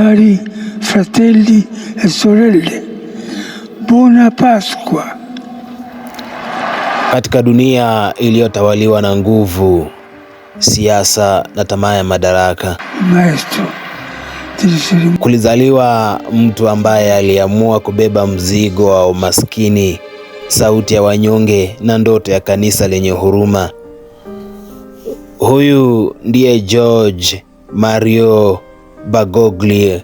cari fratelli e sorelle, buona Pasqua. Katika dunia iliyotawaliwa na nguvu, siasa na tamaa ya madaraka, maestro kulizaliwa mtu ambaye aliamua kubeba mzigo wa umaskini, sauti ya wanyonge na ndoto ya kanisa lenye huruma. Huyu ndiye George Mario Bergoglio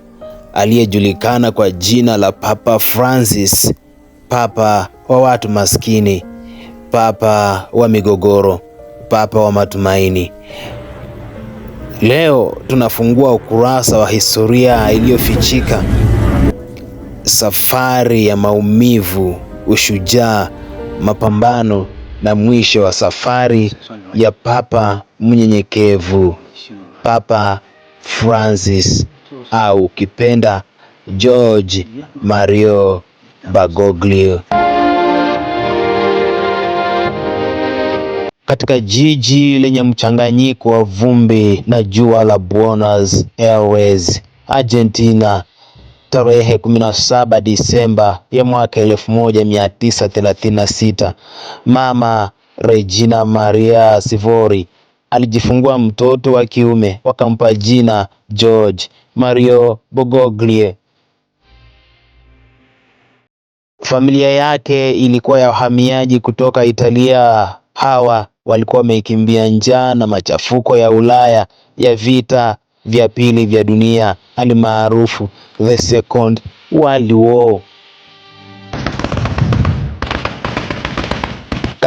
aliyejulikana kwa jina la Papa Francis, papa wa watu maskini, papa wa migogoro, papa wa matumaini. Leo tunafungua ukurasa wa historia iliyofichika, safari ya maumivu, ushujaa, mapambano na mwisho wa safari ya papa mnyenyekevu, papa Francis au ukipenda George Mario Bergoglio. Katika jiji lenye mchanganyiko wa vumbi na jua la Buenos Aires, Argentina, tarehe 17 Disemba ya mwaka 1936, Mama Regina Maria Sivori alijifungua mtoto wa kiume wakampa jina George Mario Bogoglie. Familia yake ilikuwa ya wahamiaji kutoka Italia. Hawa walikuwa wameikimbia njaa na machafuko ya Ulaya ya vita vya pili vya dunia, alimaarufu the second world war.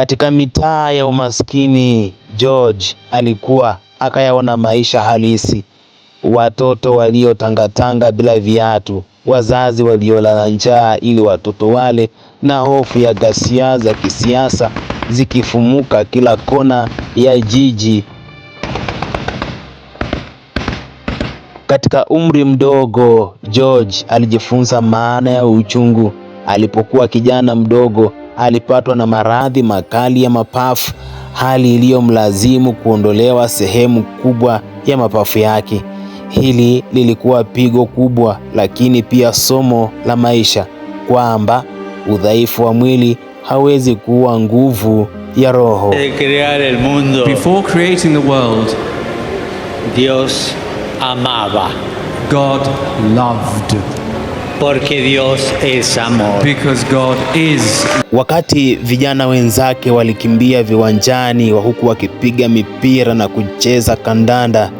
Katika mitaa ya umaskini, George alikuwa akayaona maisha halisi: watoto waliotangatanga bila viatu, wazazi waliolala njaa ili watoto wale, na hofu ya ghasia za kisiasa zikifumuka kila kona ya jiji. Katika umri mdogo, George alijifunza maana ya uchungu. Alipokuwa kijana mdogo alipatwa na maradhi makali ya mapafu, hali iliyomlazimu kuondolewa sehemu kubwa ya mapafu yake. Hili lilikuwa pigo kubwa, lakini pia somo la maisha kwamba udhaifu wa mwili hawezi kuwa nguvu ya roho. Eh, before creating the world, Dios amaba, God loved Porque Dios es amor. Because God is. Wakati vijana wenzake walikimbia viwanjani wa huku wakipiga mipira na kucheza kandanda,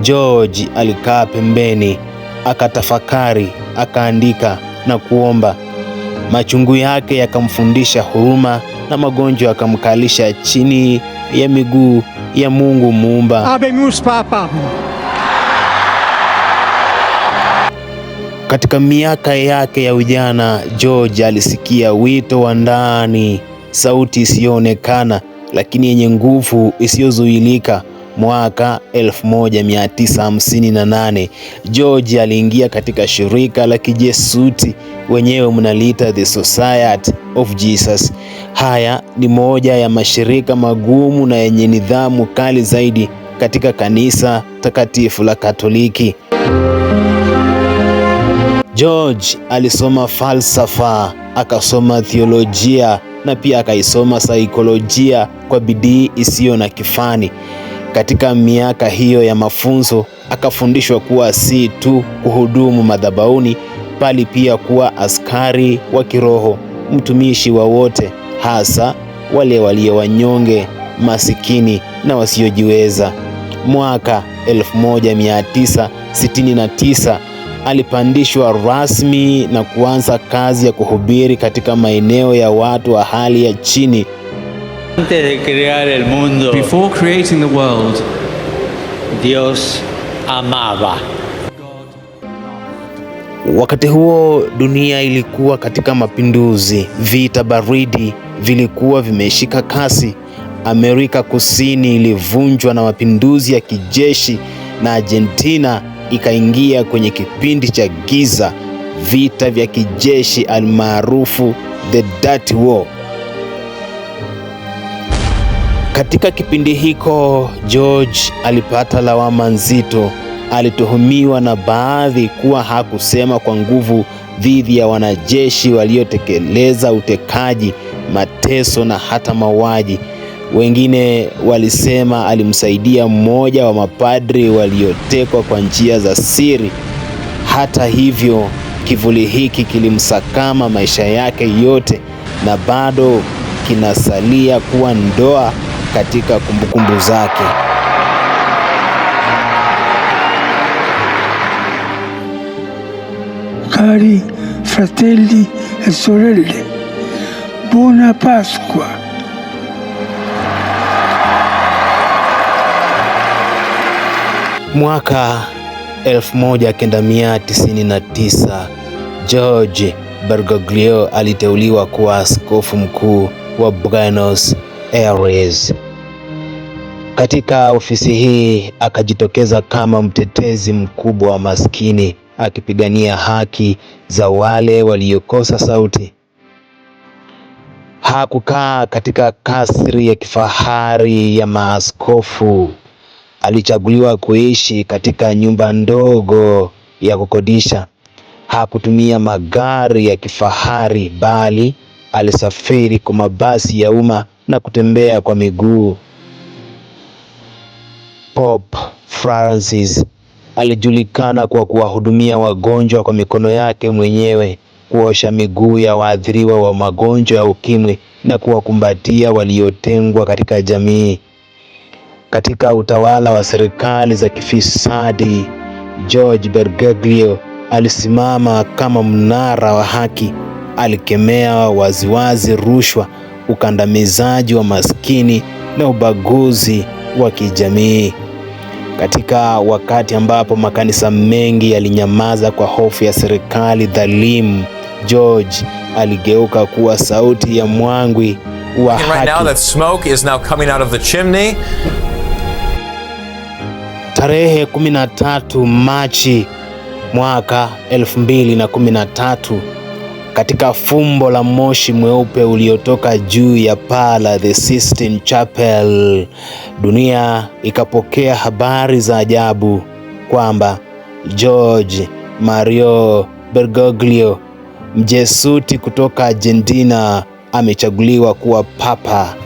George alikaa pembeni, akatafakari, akaandika na kuomba. Machungu yake yakamfundisha huruma na magonjwa yakamkalisha chini ya miguu ya Mungu muumba. Abemus papa. Katika miaka yake ya ujana, George alisikia wito wa ndani, sauti isiyoonekana lakini yenye nguvu isiyozuilika. Mwaka 1958 George aliingia katika shirika la kijesuti wenyewe mnaliita The Society of Jesus. Haya ni moja ya mashirika magumu na yenye nidhamu kali zaidi katika kanisa takatifu la Katoliki. George alisoma falsafa, akasoma theolojia na pia akaisoma saikolojia kwa bidii isiyo na kifani. Katika miaka hiyo ya mafunzo akafundishwa kuwa si tu kuhudumu madhabahuni, bali pia kuwa askari wa kiroho, mtumishi wa wote, hasa wale walio wanyonge, masikini na wasiojiweza. Mwaka 1969 alipandishwa rasmi na kuanza kazi ya kuhubiri katika maeneo ya watu wa hali ya chini. Antes de crear el mundo, before creating the world, Dios amaba. Wakati huo dunia ilikuwa katika mapinduzi, vita baridi vilikuwa vimeshika kasi. Amerika Kusini ilivunjwa na mapinduzi ya kijeshi na Argentina ikaingia kwenye kipindi cha giza, vita vya kijeshi almaarufu the dirty war. Katika kipindi hiko George alipata lawama nzito. Alituhumiwa na baadhi kuwa hakusema kwa nguvu dhidi ya wanajeshi waliotekeleza utekaji, mateso na hata mauaji. Wengine walisema alimsaidia mmoja wa mapadri waliotekwa kwa njia za siri. Hata hivyo, kivuli hiki kilimsakama maisha yake yote na bado kinasalia kuwa ndoa katika kumbukumbu zake. Cari fratelli e sorelle, buona Pasqua. Mwaka 1999 George Bergoglio aliteuliwa kuwa askofu mkuu wa Buenos Aires. Katika ofisi hii akajitokeza kama mtetezi mkubwa wa maskini, akipigania haki za wale waliokosa sauti. Hakukaa katika kasri ya kifahari ya maaskofu alichaguliwa kuishi katika nyumba ndogo ya kukodisha. Hakutumia magari ya kifahari, bali alisafiri kwa mabasi ya umma na kutembea kwa miguu. Pope Francis alijulikana kwa kuwahudumia wagonjwa kwa mikono yake mwenyewe, kuosha miguu ya waathiriwa wa magonjwa ya ukimwi na kuwakumbatia waliotengwa katika jamii katika utawala wa serikali za kifisadi, George Bergoglio alisimama kama mnara wa haki. Alikemea waziwazi rushwa, ukandamizaji wa maskini na ubaguzi wa kijamii. Katika wakati ambapo makanisa mengi yalinyamaza kwa hofu ya serikali dhalimu, George aligeuka kuwa sauti ya mwangwi wa haki. Tarehe 13 Machi mwaka 2013 katika fumbo la moshi mweupe uliotoka juu ya paa la The Sistine Chapel, dunia ikapokea habari za ajabu kwamba George Mario Bergoglio, mjesuti kutoka Argentina, amechaguliwa kuwa papa.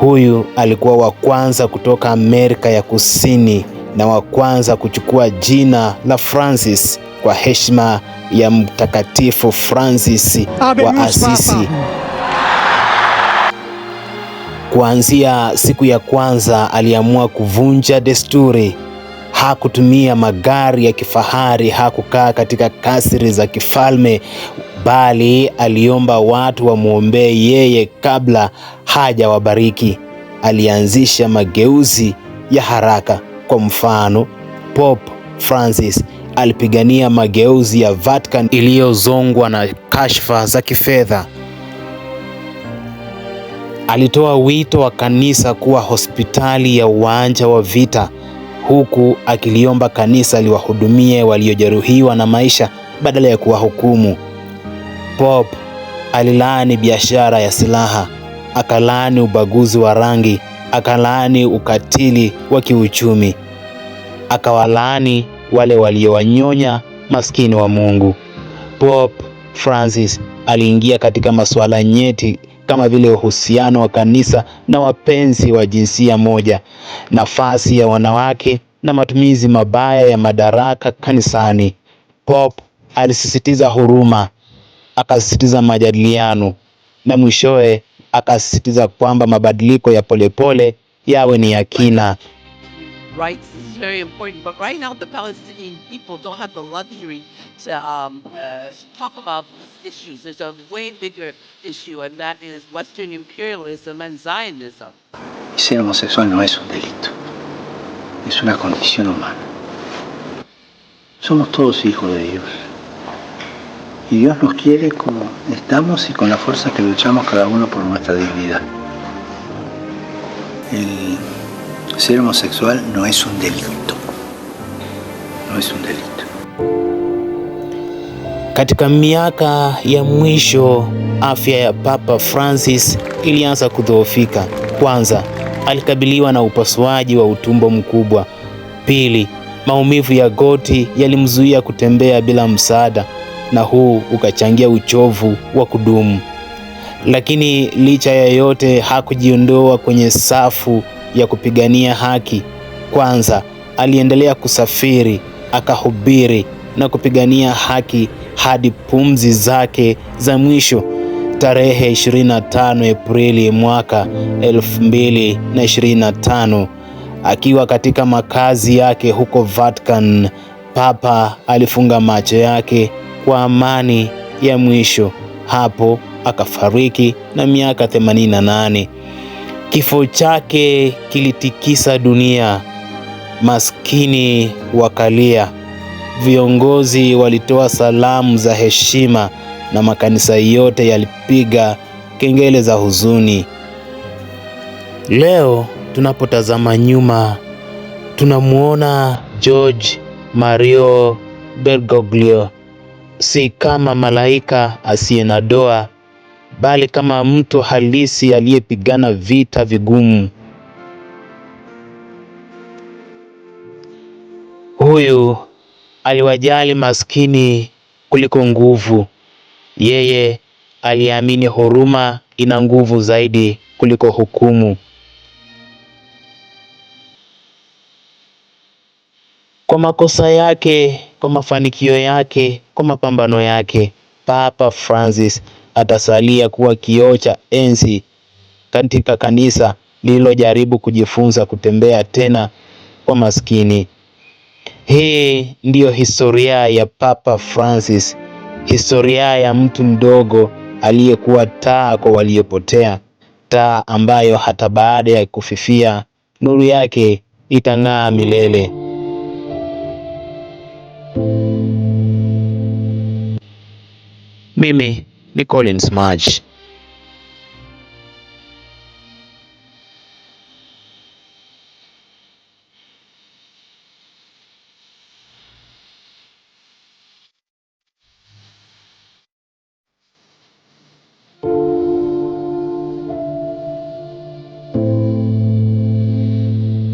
Huyu alikuwa wa kwanza kutoka Amerika ya Kusini na wa kwanza kuchukua jina la Francis kwa heshima ya Mtakatifu Francis wa Asisi. Kuanzia siku ya kwanza aliamua kuvunja desturi. Hakutumia magari ya kifahari, hakukaa katika kasri za kifalme bali aliomba watu wamwombee yeye kabla hajawabariki. Alianzisha mageuzi ya haraka. Kwa mfano, Pope Francis alipigania mageuzi ya Vatican iliyozongwa na kashfa za kifedha. Alitoa wito wa kanisa kuwa hospitali ya uwanja wa vita, huku akiliomba kanisa liwahudumie waliojeruhiwa na maisha badala ya kuwahukumu. Pop alilaani biashara ya silaha, akalaani ubaguzi wa rangi, akalaani ukatili wa kiuchumi, akawalaani wale waliowanyonya maskini wa Mungu. pop Francis aliingia katika masuala nyeti kama vile uhusiano wa kanisa na wapenzi wa jinsia moja, nafasi ya wanawake na matumizi mabaya ya madaraka kanisani. pop alisisitiza huruma, akasisitiza majadiliano na mwishowe akasisitiza kwamba mabadiliko ya polepole yawe ni ya kina. Um, uh, homosexual no es un delito, es una Somos todos hijos de Dios. Y Dios nos quiere como estamos y con la fuerza que luchamos cada uno por nuestra dignidad. El ser homosexual no es un delito. No es un delito. Katika miaka ya mwisho, afya ya Papa Francis ilianza kudhoofika. Kwanza, alikabiliwa na upasuaji wa utumbo mkubwa. Pili, maumivu ya goti yalimzuia kutembea bila msaada na huu ukachangia uchovu wa kudumu. Lakini licha ya yote, hakujiondoa kwenye safu ya kupigania haki. Kwanza aliendelea kusafiri, akahubiri na kupigania haki hadi pumzi zake za mwisho. Tarehe 25 Aprili mwaka 2025, akiwa katika makazi yake huko Vatican, Papa alifunga macho yake kwa amani ya mwisho. Hapo akafariki na miaka 88. Kifo chake kilitikisa dunia, maskini wakalia. Viongozi walitoa salamu za heshima na makanisa yote yalipiga kengele za huzuni. Leo tunapotazama nyuma, tunamwona George Mario Bergoglio si kama malaika asiye na doa, bali kama mtu halisi aliyepigana vita vigumu. Huyu aliwajali maskini kuliko nguvu. Yeye aliamini huruma ina nguvu zaidi kuliko hukumu. Kwa makosa yake kwa mafanikio yake, kwa mapambano yake, Papa Francis atasalia kuwa kioo cha enzi katika kanisa lililojaribu kujifunza kutembea tena kwa maskini. Hii ndiyo historia ya Papa Francis, historia ya mtu mdogo aliyekuwa taa kwa waliopotea, taa ambayo hata baada ya kufifia nuru yake itang'aa milele. Mimi ni Collins Maji.